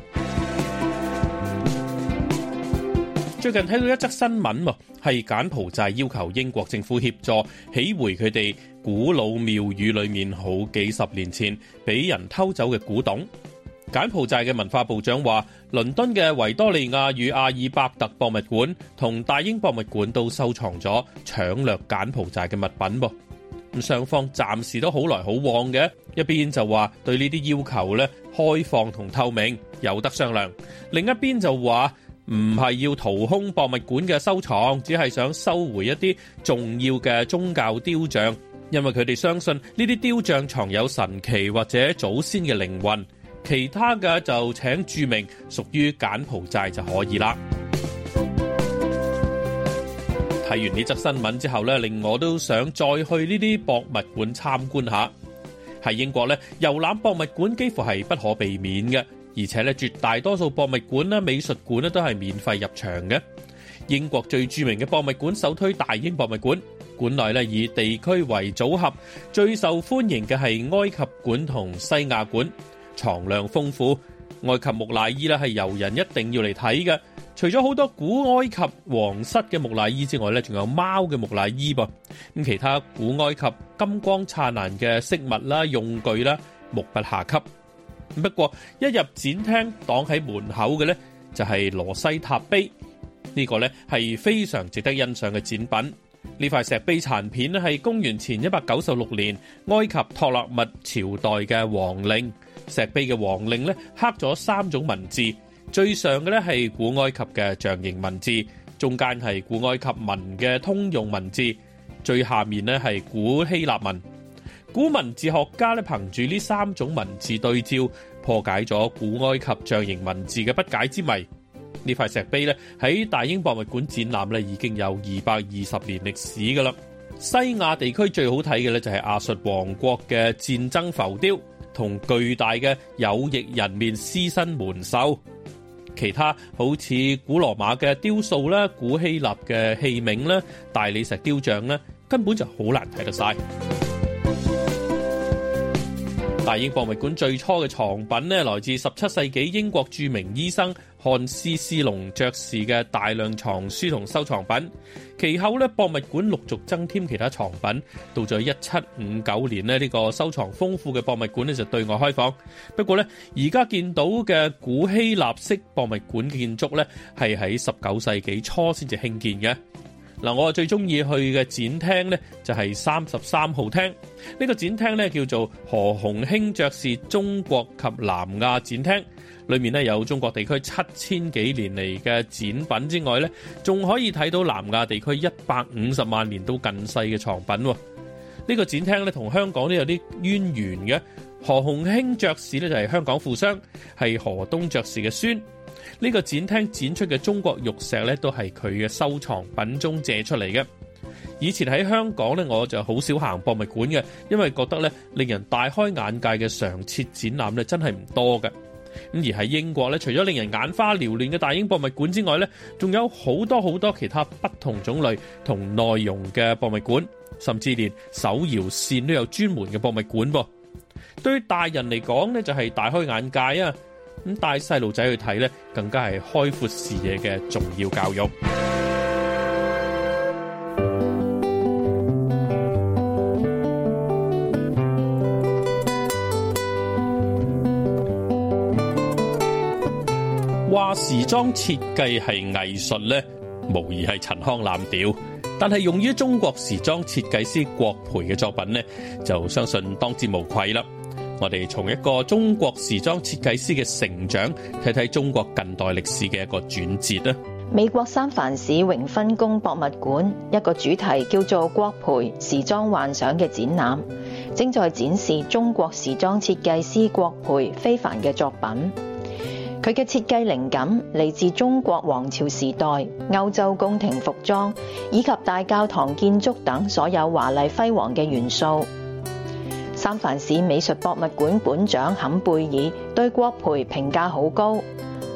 最近睇到一則新聞，係柬埔寨要求英國政府協助起回佢哋古老廟宇裏面好幾十年前俾人偷走嘅古董。柬埔寨嘅文化部長話，倫敦嘅維多利亞與阿爾伯特博物館同大英博物館都收藏咗搶掠柬埔寨嘅物品喎。咁上方暫時都好來好往嘅，一邊就話對呢啲要求咧開放同透明有得商量，另一邊就話唔係要掏空博物館嘅收藏，只係想收回一啲重要嘅宗教雕像，因為佢哋相信呢啲雕像藏有神奇或者祖先嘅靈魂，其他嘅就請註明屬於柬埔寨就可以啦。睇完呢則新聞之後呢，令我都想再去呢啲博物館參觀下。喺英國呢，遊覽博物館幾乎係不可避免嘅，而且呢絕大多數博物館啦、美術館咧都係免費入場嘅。英國最著名嘅博物館首推大英博物館，館內咧以地區為組合，最受歡迎嘅係埃及館同西亞館，藏量豐富，埃及木乃伊啦係遊人一定要嚟睇嘅。除咗好多古埃及皇室嘅木乃伊之外咧，仲有貓嘅木乃伊噃。咁其他古埃及金光燦爛嘅飾物啦、用具啦，目不暇給。不過一入展廳，擋喺門口嘅呢，就係羅西塔碑，呢個呢，係非常值得欣賞嘅展品。呢塊石碑殘片咧係公元前一百九十六年埃及托勒密朝代嘅王令石碑嘅王令呢，刻咗三種文字。最上嘅咧係古埃及嘅象形文字，中間係古埃及文嘅通用文字，最下面呢係古希臘文。古文字學家咧憑住呢三種文字對照，破解咗古埃及象形文字嘅不解之謎。呢塊石碑咧喺大英博物館展覽咧已經有二百二十年歷史噶啦。西亞地區最好睇嘅咧就係亞述王國嘅戰爭浮雕，同巨大嘅有翼人面獅身門獸。其他好似古羅馬嘅雕塑啦，古希臘嘅器皿啦，大理石雕像咧，根本就好難睇得晒。大英博物館最初嘅藏品咧，來自十七世紀英國著名醫生漢斯·斯隆爵士嘅大量藏書同收藏品。其後咧，博物館陸續增添其他藏品。到咗一七五九年咧，呢、呢個收藏豐富嘅博物館咧就對外開放。不過咧，而家見到嘅古希臘式博物館建築咧，係喺十九世紀初先至興建嘅。嗱，我最中意去嘅展廳呢，就係三十三號廳。呢個展廳呢，叫做何鴻卿爵士中國及南亞展廳，裏面呢，有中國地區七千幾年嚟嘅展品之外呢，仲可以睇到南亞地區一百五十萬年到近世嘅藏品。呢個展廳呢，同香港都有啲淵源嘅。何鴻卿爵士呢，就係香港富商，係何東爵士嘅孫。呢個展廳展出嘅中國玉石咧，都係佢嘅收藏品中借出嚟嘅。以前喺香港咧，我就好少行博物館嘅，因為覺得咧令人大開眼界嘅常設展覽咧真係唔多嘅。咁而喺英國咧，除咗令人眼花繚亂嘅大英博物館之外咧，仲有好多好多其他不同種類同內容嘅博物館，甚至連手搖扇都有專門嘅博物館噃。對於大人嚟講咧，就係大開眼界啊！咁帶細路仔去睇咧，更加係開闊視野嘅重要教育。話時裝設計係藝術咧，無疑係陳腔濫調。但係用於中國時裝設計師郭培嘅作品咧，就相信當之無愧啦。我哋從一個中國時裝設計師嘅成長，睇睇中國近代歷史嘅一個轉折啦。美國三藩市榮勳宮博物館一個主題叫做《國培時裝幻想》嘅展覽，正在展示中國時裝設計師國培非凡嘅作品。佢嘅設計靈感嚟自中國皇朝時代、歐洲宮廷服裝以及大教堂建築等所有華麗輝煌嘅元素。三藩市美術博物館館長坎貝爾對郭培評價好高。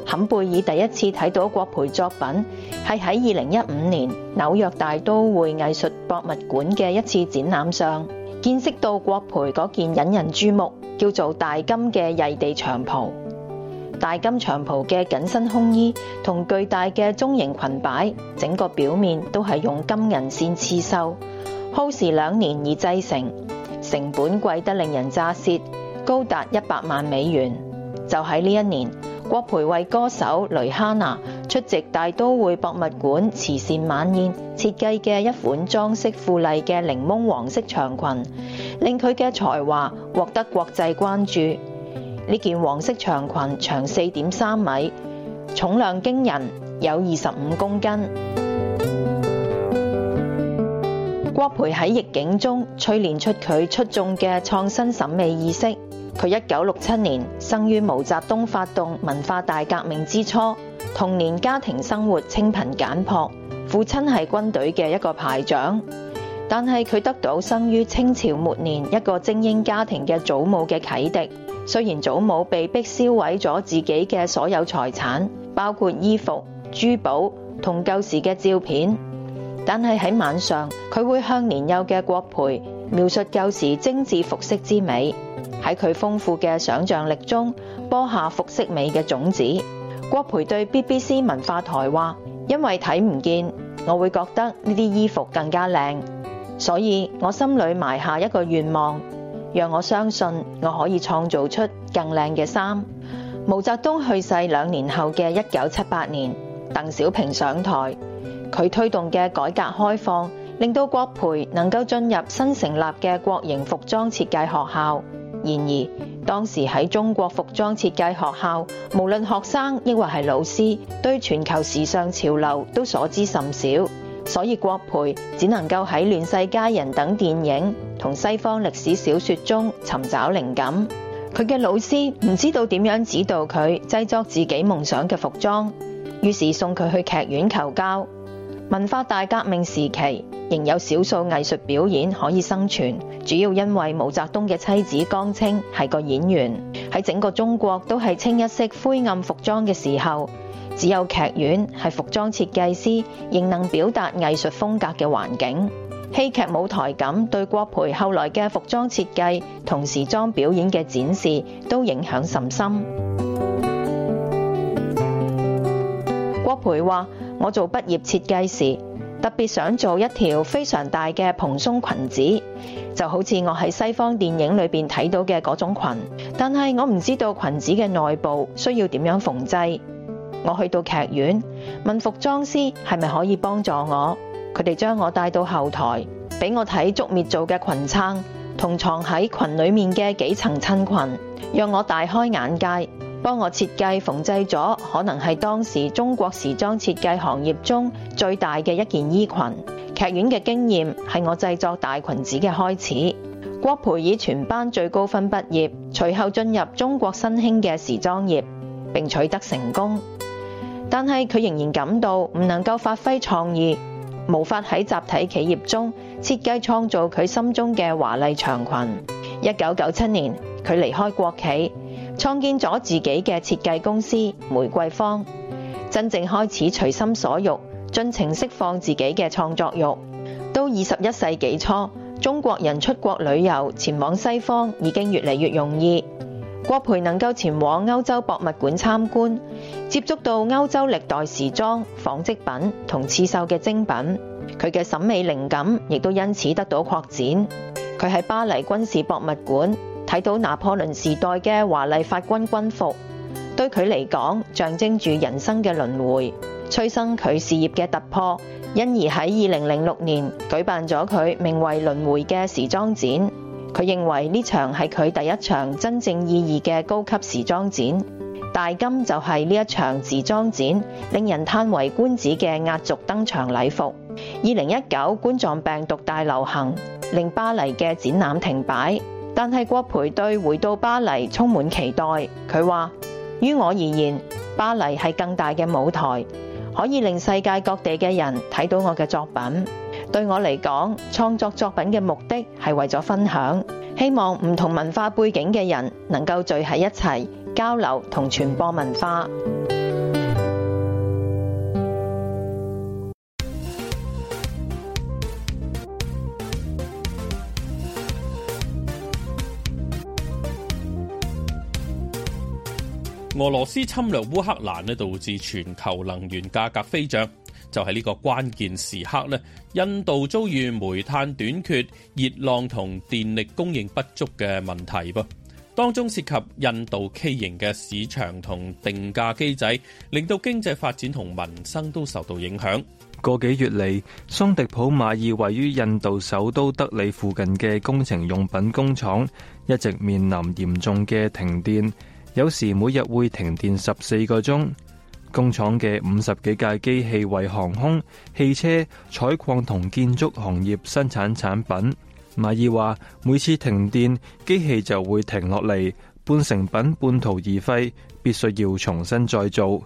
坎貝爾第一次睇到郭培作品係喺二零一五年紐約大都會藝術博物館嘅一次展覽上，見識到郭培嗰件引人注目叫做《大金》嘅曳地長袍。大金長袍嘅緊身胸衣同巨大嘅中型裙擺，整個表面都係用金銀線刺繡，耗時兩年以製成。成本貴得令人咋舌，高達一百萬美元。就喺呢一年，郭培為歌手蕾哈娜出席大都會博物館慈善晚宴，設計嘅一款裝飾富麗嘅檸檬黃色長裙，令佢嘅才華獲得國際關注。呢件黃色長裙長四點三米，重量驚人，有二十五公斤。郭培喺逆境中淬練出佢出眾嘅創新審美意識。佢一九六七年生於毛澤東發動文化大革命之初，童年家庭生活清貧簡樸，父親係軍隊嘅一個排長。但係佢得到生於清朝末年一個精英家庭嘅祖母嘅啟迪。雖然祖母被迫燒毀咗自己嘅所有財產，包括衣服、珠寶同舊時嘅照片。但係喺晚上，佢會向年幼嘅郭培描述舊時精緻服飾之美，喺佢豐富嘅想像力中播下服飾美嘅種子。郭培對 BBC 文化台話：「因為睇唔見，我會覺得呢啲衣服更加靚，所以我心裏埋下一個願望，讓我相信我可以創造出更靚嘅衫。」毛澤東去世兩年後嘅一九七八年，鄧小平上台。佢推動嘅改革開放，令到郭培能夠進入新成立嘅國營服裝設計學校。然而，當時喺中國服裝設計學校，無論學生抑或係老師，對全球時尚潮流都所知甚少，所以郭培只能夠喺《亂世佳人》等電影同西方歷史小說中尋找靈感。佢嘅老師唔知道點樣指導佢製作自己夢想嘅服裝，於是送佢去劇院求教。文化大革命時期，仍有少數藝術表演可以生存，主要因為毛澤東嘅妻子江青係個演員，喺整個中國都係清一色灰暗服裝嘅時候，只有劇院係服裝設計師仍能表達藝術風格嘅環境。戲劇舞台感對郭培後來嘅服裝設計同時裝表演嘅展示都影響甚深。郭培話。我做畢業設計時，特別想做一條非常大嘅蓬鬆裙子，就好似我喺西方電影裏邊睇到嘅嗰種裙。但係我唔知道裙子嘅內部需要點樣縫製。我去到劇院，問服裝師係咪可以幫助我，佢哋將我帶到後台，俾我睇竹篾做嘅裙撐同藏喺裙裏面嘅幾層襯裙，讓我大開眼界。幫我設計縫製咗，可能係當時中國時裝設計行業中最大嘅一件衣裙。劇院嘅經驗係我製作大裙子嘅開始。郭培以全班最高分畢業，隨後進入中國新興嘅時裝業，並取得成功。但係佢仍然感到唔能夠發揮創意，無法喺集體企業中設計創造佢心中嘅華麗長裙。一九九七年，佢離開國企。創建咗自己嘅設計公司玫瑰坊，真正開始隨心所欲，盡情釋放自己嘅創作欲。到二十一世紀初，中國人出國旅遊前往西方已經越嚟越容易。郭培能夠前往歐洲博物館參觀，接觸到歐洲歷代時裝、紡織品同刺繡嘅精品，佢嘅審美靈感亦都因此得到擴展。佢喺巴黎軍事博物館，睇到拿破崙時代嘅華麗法軍軍服，對佢嚟講象徵住人生嘅輪迴，催生佢事業嘅突破。因而喺二零零六年舉辦咗佢名為《輪迴》嘅時裝展。佢認為呢場係佢第一場真正意義嘅高級時裝展。大金就係呢一場時裝展令人嘆為觀止嘅壓軸登場禮服。二零一九冠狀病毒大流行令巴黎嘅展覽停擺。但係，郭培對回到巴黎充滿期待。佢話：於我而言，巴黎係更大嘅舞台，可以令世界各地嘅人睇到我嘅作品。對我嚟講，創作作品嘅目的係為咗分享，希望唔同文化背景嘅人能夠聚喺一齊交流同傳播文化。俄羅斯侵略烏克蘭咧，導致全球能源價格飛漲，就喺呢個關鍵時刻咧。印度遭遇煤炭短缺、熱浪同電力供應不足嘅問題噃，當中涉及印度畸形嘅市場同定價機制，令到經濟發展同民生都受到影響。個幾月嚟，桑迪普馬爾位於印度首都德里附近嘅工程用品工廠一直面臨嚴重嘅停電。有時每日會停電十四個鐘，工廠嘅五十幾架機器為航空、汽車、採礦同建築行業生產產品。馬爾話，每次停電，機器就會停落嚟，半成品半途而廢，必須要重新再做。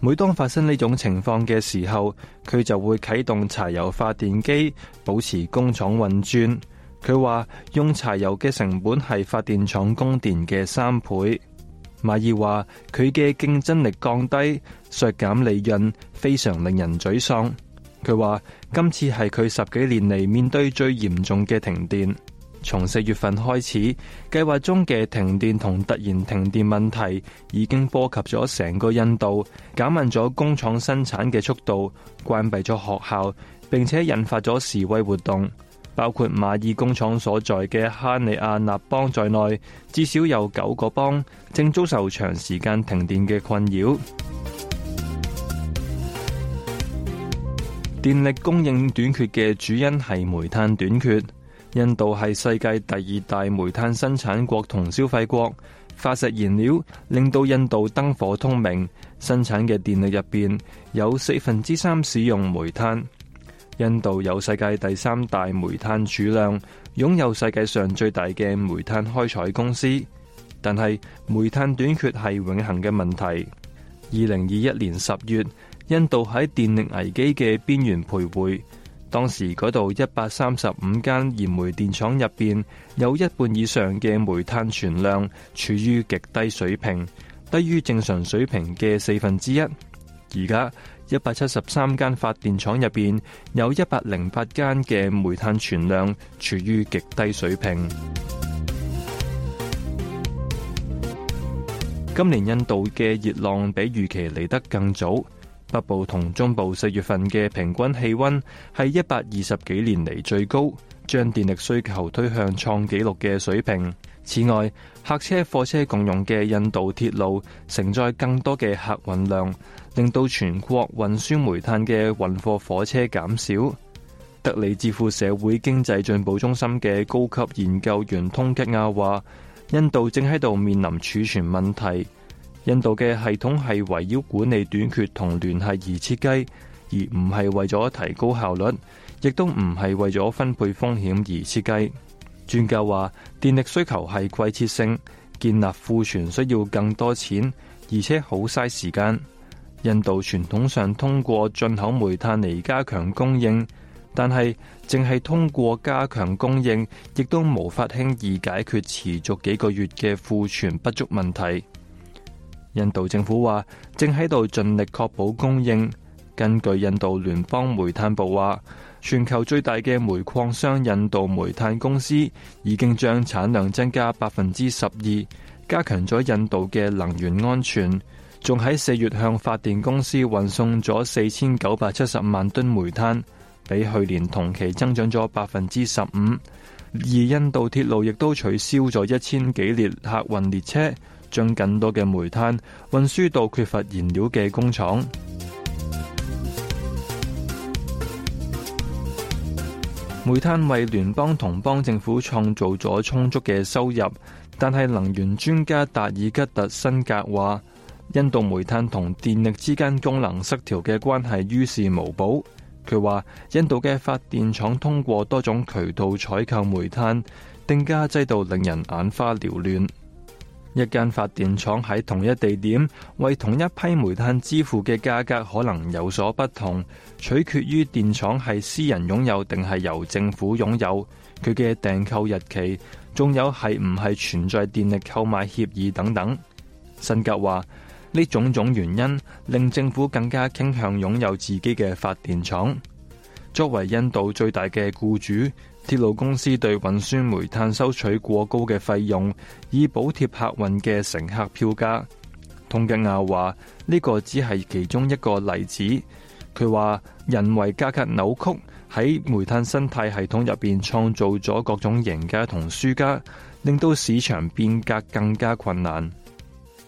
每當發生呢種情況嘅時候，佢就會啟動柴油發電機，保持工廠運轉。佢話用柴油嘅成本係發電廠供電嘅三倍。馬爾話，佢嘅競爭力降低，削減利潤，非常令人沮喪。佢話今次係佢十幾年嚟面對最嚴重嘅停電。從四月份開始，計劃中嘅停電同突然停電問題已經波及咗成個印度，減慢咗工廠生產嘅速度，關閉咗學校，並且引發咗示威活動。包括馬爾工廠所在嘅哈里亞納邦在內，至少有九個邦正遭受長時間停電嘅困擾。電力供應短缺嘅主因係煤炭短缺。印度係世界第二大煤炭生產國同消費國，化石燃料令到印度燈火通明，生產嘅電力入面有四分之三使用煤炭。印度有世界第三大煤炭儲量，擁有世界上最大嘅煤炭開採公司，但係煤炭短缺係永恒嘅問題。二零二一年十月，印度喺電力危機嘅邊緣徘徊，當時嗰度一百三十五間燃煤電廠入邊，有一半以上嘅煤炭存量處於極低水平，低於正常水平嘅四分之一。而家，一百七十三間發電廠入邊，有一百零八間嘅煤炭存量處於極低水平。今年印度嘅熱浪比預期嚟得更早，北部同中部四月份嘅平均氣溫係一百二十幾年嚟最高，將電力需求推向創紀錄嘅水平。此外，客車、貨車共用嘅印度鐵路承載更多嘅客運量，令到全國運輸煤炭嘅運貨火車減少。德里智庫社會經濟進步中心嘅高級研究員通吉亞話，印度正喺度面臨儲存問題。印度嘅系統係圍繞管理短缺同聯繫而設計，而唔係為咗提高效率，亦都唔係為咗分配風險而設計。專家話，電力需求係季節性，建立庫存需要更多錢，而且好嘥時間。印度傳統上通過進口煤炭嚟加強供應，但係淨係通過加強供應，亦都無法輕易解決持續幾個月嘅庫存不足問題。印度政府話正喺度盡力確保供應。根據印度聯邦煤炭部話。全球最大嘅煤礦商印度煤炭公司已經將產量增加百分之十二，加強咗印度嘅能源安全。仲喺四月向發電公司運送咗四千九百七十萬噸煤炭，比去年同期增長咗百分之十五。而印度鐵路亦都取消咗一千幾列客運列車，將更多嘅煤炭運輸到缺乏燃料嘅工廠。煤炭為聯邦同邦政府創造咗充足嘅收入，但係能源專家達爾吉特辛格話：印度煤炭同電力之間功能失調嘅關係於事無補。佢話：印度嘅發電廠通過多種渠道採購煤炭，定價制度令人眼花撩亂。一間發電廠喺同一地點為同一批煤炭支付嘅價格可能有所不同，取決於電廠係私人擁有定係由政府擁有，佢嘅訂購日期，仲有係唔係存在電力購買協議等等。辛格話，呢種種原因令政府更加傾向擁有自己嘅發電廠，作為印度最大嘅僱主。鐵路公司對運輸煤炭收取過高嘅費用，以補貼客運嘅乘客票價。通吉亞話呢個只係其中一個例子。佢話人為價格扭曲喺煤炭生態系統入邊，創造咗各種贏家同輸家，令到市場變革更加困難。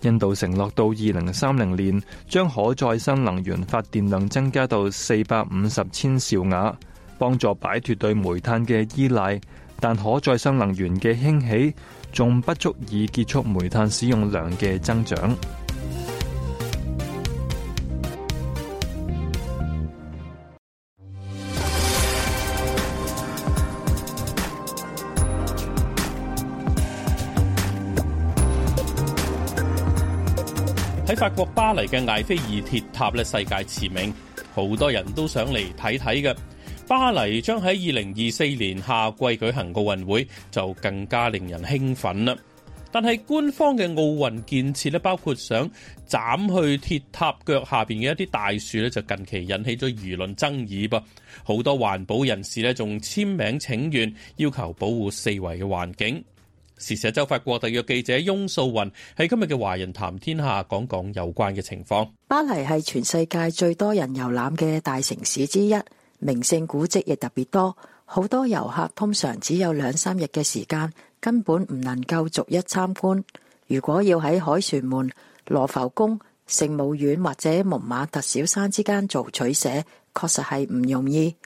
印度承諾到二零三零年，將可再生能源發電量增加到四百五十千兆瓦。幫助擺脱對煤炭嘅依賴，但可再生能源嘅興起仲不足以結束煤炭使用量嘅增長。喺法國巴黎嘅艾菲爾鐵塔咧，世界馳名，好多人都想嚟睇睇嘅。巴黎將喺二零二四年夏季舉行奧運會，就更加令人興奮啦。但係官方嘅奧運建設咧，包括想斬去鐵塔腳下邊嘅一啲大樹咧，就近期引起咗輿論爭議噃。好多環保人士咧，仲簽名請願，要求保護四圍嘅環境。時事週，法國特約記者翁素雲喺今日嘅《華人談天下》講講有關嘅情況。巴黎係全世界最多人遊覽嘅大城市之一。名勝古蹟亦特別多，好多遊客通常只有兩三日嘅時間，根本唔能夠逐一參觀。如果要喺凱旋門、羅浮宮、聖母院或者蒙馬特小山之間做取捨，確實係唔容易。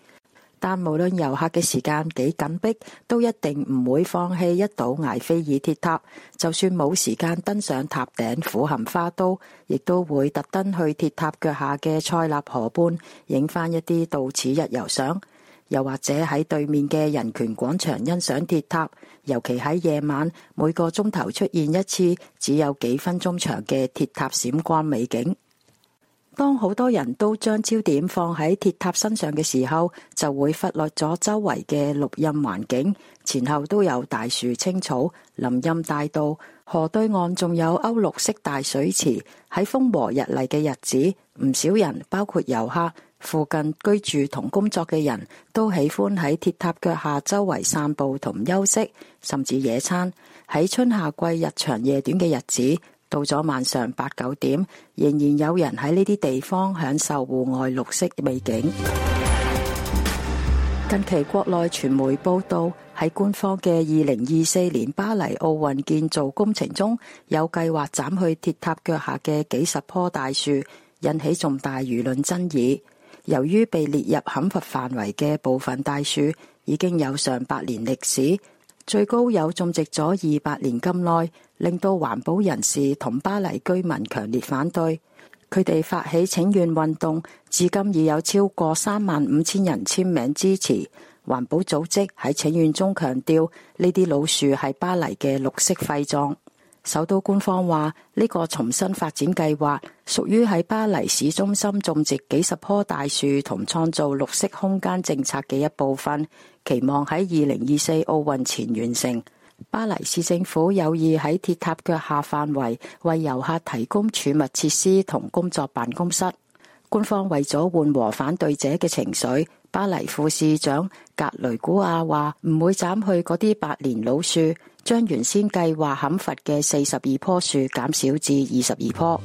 但無論遊客嘅時間幾緊迫，都一定唔會放棄一睹艾菲爾鐵塔。就算冇時間登上塔頂俯瞰花都，亦都會特登去鐵塔腳下嘅塞納河畔影返一啲到此一遊相。又或者喺對面嘅人權廣場欣賞鐵塔，尤其喺夜晚每個鐘頭出現一次只有幾分鐘長嘅鐵塔閃光美景。當好多人都將焦點放喺鐵塔身上嘅時候，就會忽略咗周圍嘅綠蔭環境。前後都有大樹、青草、林蔭大道，河對岸仲有歐陸式大水池。喺風和日麗嘅日子，唔少人，包括遊客、附近居住同工作嘅人都喜歡喺鐵塔腳下周圍散步同休息，甚至野餐。喺春夏季日長夜短嘅日子，到咗晚上八九點，仍然有人喺呢啲地方享受戶外綠色美景。近期國內傳媒報道，喺官方嘅二零二四年巴黎奧運建造工程中，有計劃斬去鐵塔腳下嘅幾十棵大樹，引起重大輿論爭議。由於被列入砍伐範圍嘅部分大樹已經有上百年歷史。最高有種植咗二百年咁耐，令到環保人士同巴黎居民強烈反對。佢哋發起請願運動，至今已有超過三萬五千人簽名支持。環保組織喺請願中強調，呢啲老樹係巴黎嘅綠色肺臟。首都官方話，呢、這個重新發展計劃屬於喺巴黎市中心種植幾十棵大樹同創造綠色空間政策嘅一部分，期望喺二零二四奧運前完成。巴黎市政府有意喺鐵塔腳下範圍為遊客提供儲物設施同工作辦公室。官方為咗緩和反對者嘅情緒，巴黎副市長格雷古亞話唔會斬去嗰啲百年老樹。將原先計劃砍伐嘅四十二棵樹減少至二十二棵。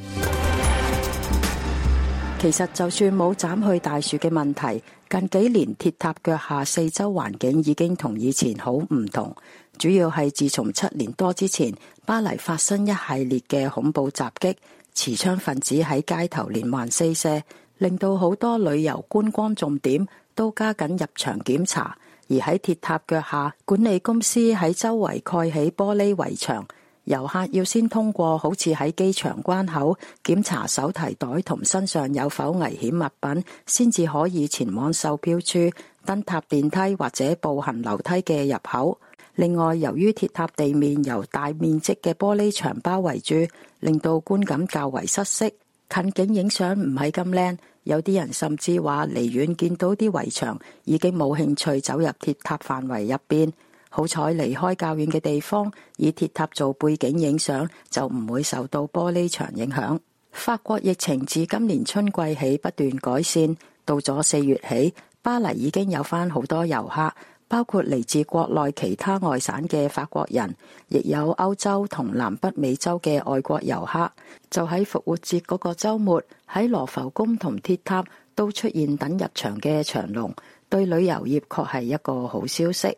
其實就算冇砍去大樹嘅問題，近幾年鐵塔腳下四周環境已經同以前好唔同。主要係自從七年多之前巴黎發生一系列嘅恐怖襲擊，持槍分子喺街頭連環四射，令到好多旅遊觀光重點都加緊入場檢查。而喺鐵塔腳下，管理公司喺周圍蓋起玻璃圍牆，遊客要先通過好似喺機場關口檢查手提袋同身上有否危險物品，先至可以前往售票處登塔電梯或者步行樓梯嘅入口。另外，由於鐵塔地面由大面積嘅玻璃牆包圍住，令到觀感較為失色，近景影相唔係咁靚。有啲人甚至話離遠見到啲圍牆已經冇興趣走入鐵塔範圍入邊。好彩離開較遠嘅地方，以鐵塔做背景影相，就唔會受到玻璃牆影響。法國疫情自今年春季起不斷改善，到咗四月起，巴黎已經有翻好多遊客。包括嚟自國內其他外省嘅法國人，亦有歐洲同南北美洲嘅外國遊客，就喺復活節嗰個週末喺羅浮宮同鐵塔都出現等入場嘅長龍，對旅遊業確係一個好消息。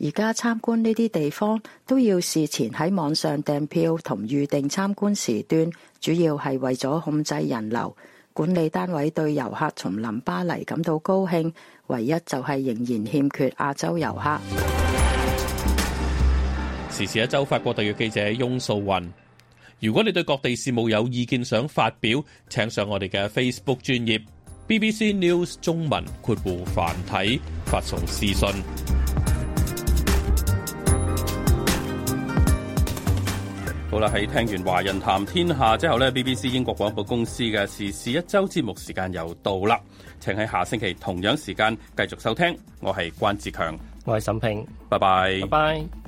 而家參觀呢啲地方都要事前喺網上訂票同預定參觀時段，主要係為咗控制人流。管理單位對遊客重臨巴黎感到高興。唯一就係仍然欠缺亞洲遊客。時事一週，法國特約記者翁素雲。如果你對各地事務有意見想發表，請上我哋嘅 Facebook 專頁 BBC News 中文括弧繁體發送私信。好啦，喺聽完華人談天下之後呢，BBC 英國廣播公司嘅時事一周節目時間又到啦。請喺下星期同樣時間繼續收聽，我係關志強，我係沈平，拜拜，拜拜。